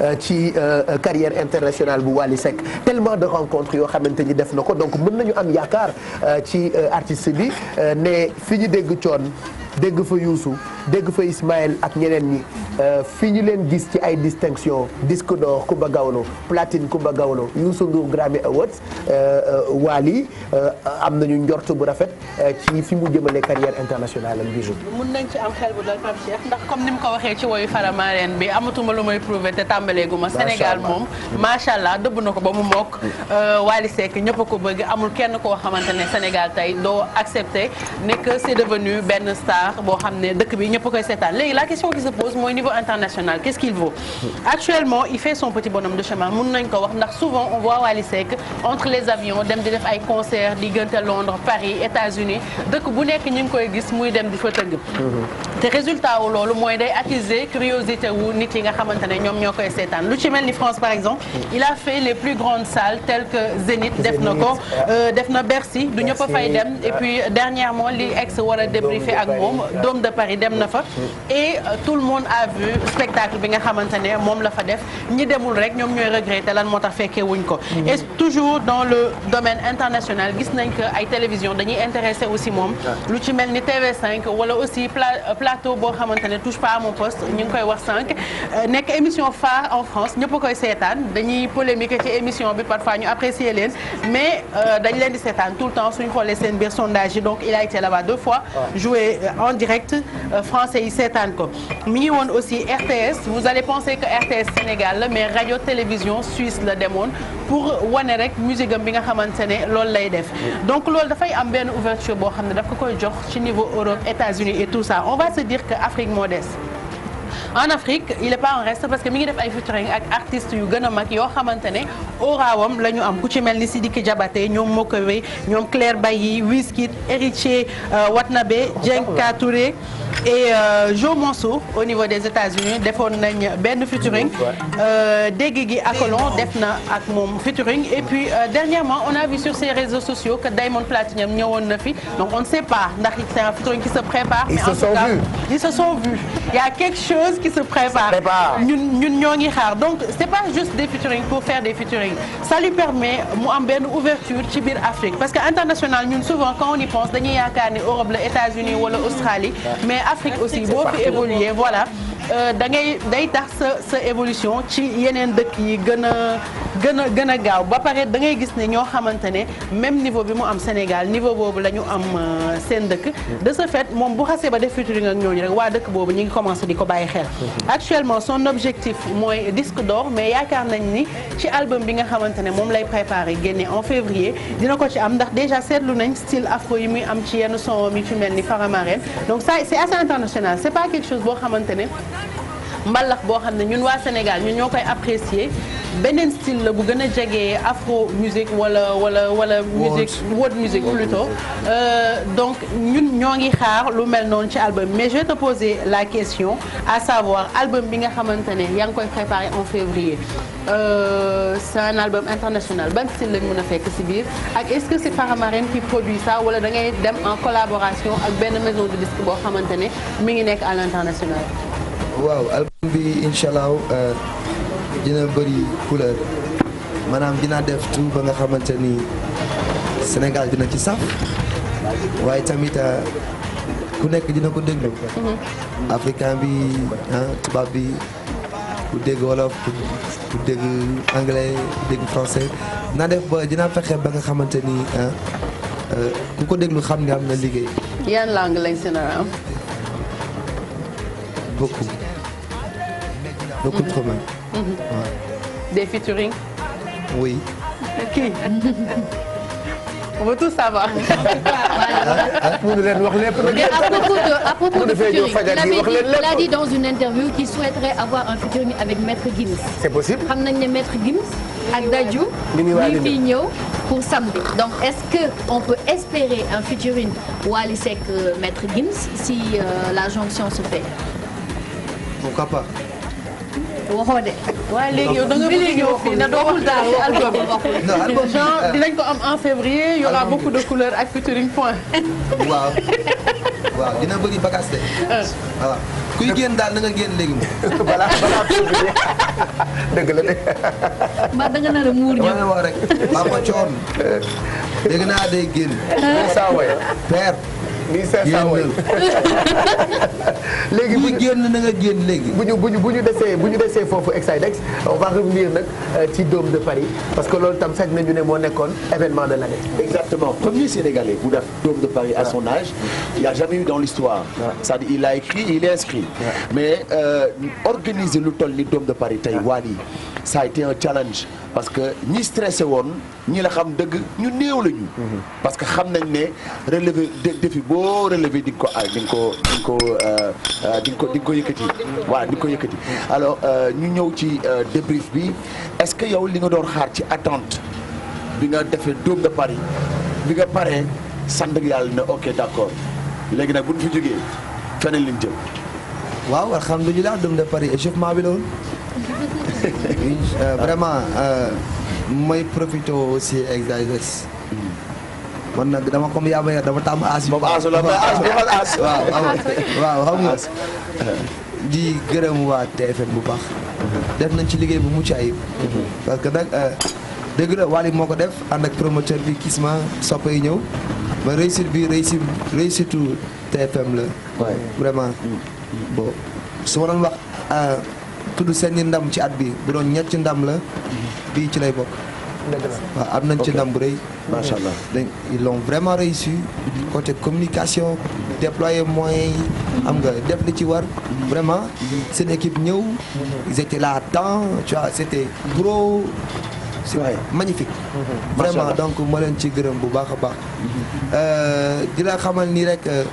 Euh, ci euh, euh, carrière internationale bu Wally Seck tellement de rencontres yoo xamante ni def na ko donc mën nañu am yaakaar ci artiste bi ne fi ñu dégg coon dégg fa Youssou dégg fa Ismaël ak ñeneen ñi euh, fi ñu leen gis ci ay distinction disque d'or Kumba Gawlo platine Kumba Gawlo Youssou Ndour Grammy Awards euh, euh, Wally am nañu njort bu rafet ci fi mu jëmale carrière internationale ak bijou mun nañ ci am xel bu dal Pape Cheikh ndax comme ni mu ko waxee ci woyu Faramareen bi amatuma lu may prouver te tàmbaleegu ma Sénégal moom macha allah dëbb na ko ba mu mokk mm. Wally Seck ñëpp ko bëgg amul kenn koo xamante ne Sénégal tey doo accepté nekk c'est benn star boo xam ne dëkk bi ñëpp koy seetaan léegi la question qui se pose mooy niveau international qu'est-ce qu'il vaut actuellement il fait son petit bonhomme de chemin mun nañ ko wax ndax souvent on voit Wally Seck entre les avions dem di def ay concert diggante Londres Paris États-Unis dëkk bu nekk ñu ngi koy gis muy dem di fa tëgg mm-hmm. te résultat wu loolu mooy day attiser curiosité wu nit yi nga xamante ne ñoom ñoo koy seetaan lu ci mel ni France par exemple mm. il a fait les plus grandes salles telles que Zénith def na ko euh, def na Bercy du ñëpp a fay dem et puis dernièrement li ex war a débriefé ak moom Dôme de Paris dem na fa mm. Mm. et euh, tout le monde a vu spectacle bi nga xamante ne moom la fa def ñi demul rek ñoom ñooy regretté lan moo tax fekkee wuñ ko et toujours dans le domaine international gis nañ que ay télévision dañuy intéressé aussi moom lu ci mel ni TV5 wala aussi plateau boo xamante ne touche pas à mon poste ñu ngi koy wax sànq euh, nekk émission phare en France ñëpp koy seetaan dañuy polémique ci émission bi parfois ñu apprécier leen mais euh, dañ leen di seetaan tout le temps suñu xoolee seen biir sondage yi donc il a été là-bas deux fois. Ah. joué euh, en direct français yi seetaan ko. mi ngi woon aussi RTS vous allez penser que RTS Sénégal la mais radio télévision suisse la demoon pour wane rek musique am bi nga xamante ne loolu lay def donc loolu dafay am benn ouverture boo xam ne daf ko koy se dire que Afrique moo des en Afrique il est pas en reste parce que mi ngi def ay featuring ak artistes yu gën a mag yoo xamante ne oraawam la ñu am ku ci mel ni Sidiki Diabaté ñoom Mokowé ñoom Claire Bailly Wizkid Héritier euh, Watnabe Djenka Touré et euh, Jo Mansour au niveau des États-Unis defoon nañ benn featuring euh, dégg gi Akolon def na ak moom featuring et puis dernièrement on a vu sur ses réseaux sociaux que Diamond Platnumz ñëwoon na fi donc on ne sait pas ndax c'est un featuring qui se y a quelque chose qui se prépare ñun ñun ñoo ngi xaar donc c'est pas juste des featuring pour faire des featuring ça lui permet mu am benn ouverture ci biir Afrique parce que international ñun souvent quand on y pense dañuy yaakaar ni Europe la États-Unis wala Australie mais Afrique aussi boo fi évoluer voilà Euh, da ngay day tax sa sa évolution ci yeneen dëkk yi gën a gën a gën a gaaw ba pare da ngay gis ne ñoo xamante ne même niveau bi mu am Sénégal niveau boobu la ñu am euh, seen dëkk. de ce fait moom bu xasee ba def featuring ak ñooñu rek waa dëkk boobu ñu ngi commencé di ko bàyyi xel. actuellement son objectif mooy disque d'or mais yaakaar nañ ni ci album bi nga xamante ne moom lay préparé génne en février dina ko ci am ndax déjà seetlu nañ style afro yi muy am ci yenn son mi fi mel ni Faramareen donc ça c'est assez international c'est pas quelque boo xamante mbalax boo xam ne ñun waa Sénégal ñun ñoo koy apprécier beneen style la bu gën a jege afro musique wala wala wala. musique world musique plutôt. Euh, donc ñun ñoo ngi xaar lu mel noonu ci album mais je te poser la question à savoir album bi nga xamante ne yaa ngi koy préparé en février euh, c'est un album international ban style lañ mën a fekk si biir ak est-ce que c'est Faramareen qui produit ça wala da ngay dem en collaboration ak benn maison de disque boo xamante ne mi ngi nekk à l'international. waaw album bi incha allah euh, dina bëri couleur maanaam dina def tout ba nga xamante ni Sénégal dina ci sax waaye tamit euh, ku nekk dina ko déglu. Mhm. africain bi ah tubaab bi ku dégg wolof ku dégg anglais ku dégg français dina def ba dina fexe ba nga xamante ni euh, ku ko déglu xam nga am na liggéey. yan langue lañ seen beaucoup trop même. Mm-hmm. des featuring. oui. kii. on veut tout ah, ah, de featuring il a dit dans une interview qu'il souhaiterait avoir un featuring avec Maître Gims. c'est possible xam nañ ne Maître Gims ak Dadju. mi ngi fii pour samedi. donc est-ce que on peut espérer un featuring Wally Seck euh, Maître Gims si euh, la jonction se fait. pourquoi pas. waxoo de. waaye léegi yow da nga bëgg ñëw fii ne doo wax daal album genre euh, dinañ ko am en février y aura beaucoup de couleurs ak featuring point. waaw waaw dina bëri bagage de. waaw euh. kuy génn daal na nga génn léegi moom. balaa balaa février dëgg la de. mbaa da nga nar a muur ñëw wax rek. maa ko coon dégg naa day génn. saa waay père. 1500 woy léegi bu génn na nga génn léegi. bu ñu bu ñu bu ñu desee bu ñu desee foofu Exidex on va revenir nag euh, ci Dôme de Paris parce que loolu tam sax nañu ne moo nekkoon événement de l'année. exactement premier Sénégalais bu def Dôme de Paris à son âge. il n'y a jamais eu dans l'histoire c'est-à-dire il a écrit il est inscrit mais euh, organiser lu toll ni Dôme de Paris tey Wally ça a été un challenge parce que ñi stressé woon ñi la xam dëgg ñu néew lañu parce que xam nañ ne relevé boo relever di nga ko ay ah, di ko di nga di nga ko di euh, euh, ko yëkkati waa di ko yëkkati alors euh, ñu ñëw ci débrief bi est-ce que yow li nga doon xaar ci attente bi nga defee Dôme de Paris bi nga paree sant yàlla ne ok d'accord léegi nag bu ñu fi jógee feneen liñ jëm waaw alhamdulilah Dôme de Paris échauffement eh, bi la woon vraiment euh, may profité aussi exercice man nag dama comme yaa ma dama tàmm aas bi. moom aas la mais aas bi man waaw xam nga di gërëm waa TFM bu baax. def nañ ci liggéey bu mucc ayib. parce que nag euh, dëgg la Waly moo ko def ànd ak promoteur bi Kisma yi ñëw ba réussite bi réussite TFM la. waaw vraiment. Mm. Mm. bon su ma doon wax ah, tudd seeni ndam ci at bi bu doon ñetti ndam la mm-hmm. bii ci lay bokk. waaw am nañ ci ndam bu rëy. macha allah dañ ils l'ont vraiment réussi. côté communication déployer mooy am nga def li ci war. vraiment mm-hmm. seen équipe ñëw. Mm-hmm. ils étaient la temps ci vois c'était gros. c'est magnifique. vraiment donc ma ci gërëm bu baax a baax. Euh,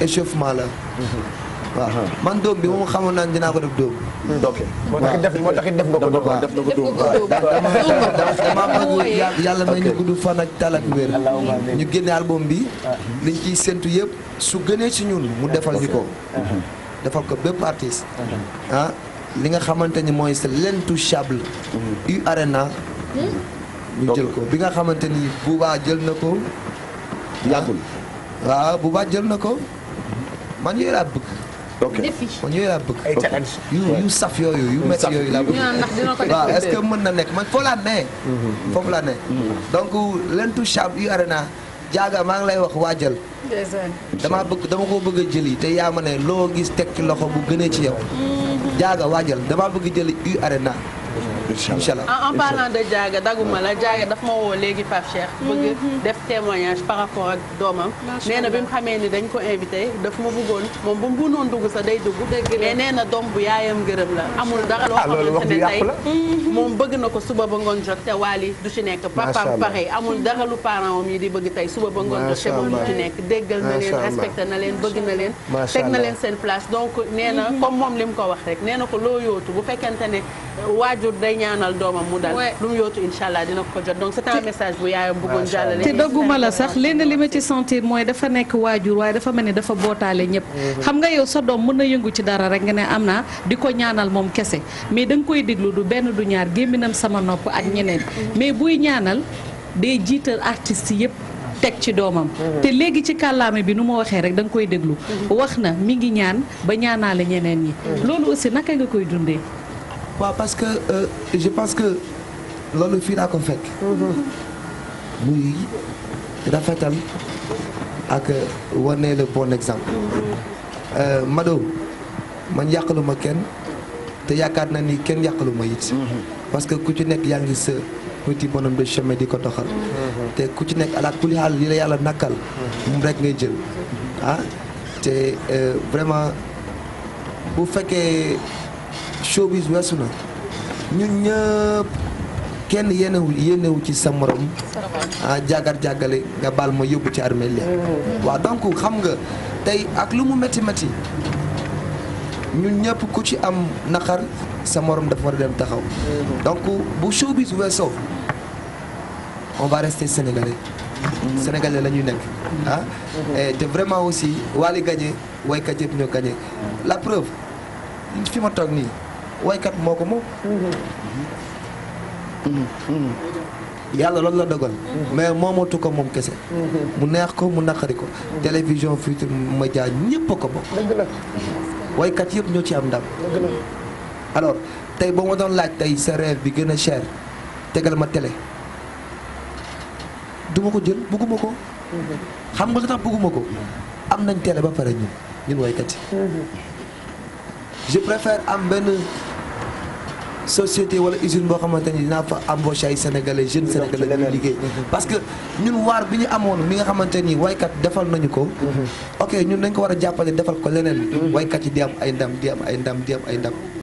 échauffement la. Mm-hmm. waaw uh-huh. man dóom bi moom xamoon naa ne dinaa ko def dóom. Mm-hmm. ok moo taxit def moo taxit def nga ko dóom. def nga ko dóom waaw dama yàlla may ñu gudd fan ak tal ak wér. ñu génne album bi. Ah. liñ ciy séntu yëpp su gënee si ñun mu defal ñu ko. Uh-huh. defal ko bépp artiste. Uh-huh. Ah. li nga xamante ni mooy c'est l'intouchable. Mm-hmm. u arena hmm? ñu jël ko bi nga xamante ni Bouba jël na ko. yàggul ah. waaw Bouba jël na ko. man yooyu laa bëgg. ok man yooyu laa bëgg. ay challenge yu yu saf yooyu yu métti yooyu laa bëgg. waaw est-ce que mën na nekk man foo laa ne. Mhm. laa ne. Mhm. donc lentu cham yu arena jaaga maa ngi lay wax waajal. dama bëgg dama ko bëgg a jëli te yaa ma ne loo gis teg ci loxo bu gënee ci yow. Mhm. jaaga waajal dama bëgg jëli u arena incha allah en parlant de Diaga daguma la Diaga daf ma woo léegi Pape bëgg mhm. def témoignage par rapport ak doomam. nee na bi mu xamee ni dañ ko invité daf ma bëggoon moom bu mu mënoon dugg sa day dugg. mais nee na doom bu yaayam gërëm la. amul dara loo ah, xamante ne tey mhm. moom bëgg na ko suba ba ngoon jot te waali du ci nekk. papaam pare amul dara lu parent am yi di bëgg tey suba ba ngoon jot. moom du ci nekk déggal na leen respecté na leen bëgg na leen. teg na leen seen place donc nee na mhm. comme moom li mu ko wax rek nee na ko loo yootu bu fekkente ñaanal doomam mu dal yootu incha allah dina ko jot donc c'est message bu yaayam bëggoon jàllale te dogguma la sax lenn li ma ci sentir mooy dafa nekk waajur waaye dafa mel ni dafa bootaale ñëpp mm-hmm. xam nga yow sa doom mën na yëngu ci dara rek nga ne am naa di ko ñaanal moom kese mais danga koy déglu du benn du ñaar gémminam sama nopp ak ñeneen mm-hmm. mais buy ñaanal day jiital artistes yëpp teg ci doomam mm-hmm. te léegi ci kàllaame bi nu ma waxee rek da nga koy déglu wax na mi ngi ñaan ba ñaanaale ñeneen yi loolu aussi naka nga koy dundee waa parce que euh, je pense que loolu fii naa ko fekk. muy rafetal ak wane le bon exemple. Euh, Mado man yàqaluma kenn te yaakaar na ni kenn yàqaluma it. parce que ku ci nekk yaa ngi sa petit bonhomme de chemin di ko doxal. te ku ci nekk alaat kuli xaal li la yàlla nakkal. moom rek ngay jël ah, te euh, vraiment bu fekkee. showbiz weesu na ñun ñëpp kenn yéenewu yéenewu ci sa morom ah jàggar jàggale nga baal ma yóbbu ci armée li mm. waa donc xam nga tey ak lu mu métti métti ñun ñëpp ku ci am naqar sa morom dafa war a dem taxaw mm. donc bu showbiz weesoo on va rester sénégalais mm. sénégalais la nekk ah mm-hmm. te vraiment aussi Wally gagné waykat yëpp ñoo gagné la preuve fi ma toog nii woykat moo ko moom. yàlla loolu la dogal. mais moomatu ko moom kese. mu neex ko mu naqari ko. télévision ma Médias ñëpp a ko bokk. dëgg la. yëpp ñoo ci am ndam. dëgg tey boo ma doon laaj tey sa rêve bi gën a cher tegal ma télé duma ko jël bugguma ko. xam nga lu tax bugguma ko. am nañ télé ba pare ñun ñun waykat je préfère am benn. société wala usine boo xamante ni dinaa fa embauché ay sénégalais jeunes sénégalais ñuy liggéey mhm. parce que ñun waar bi ñu amoon mi nga xamante ni waykat defal nañu ko mhm. ok ñun dañ ko war a jàppale defal ko leneen mhm. waykat yi di am ay ndam di am ay ndam di am ay ndam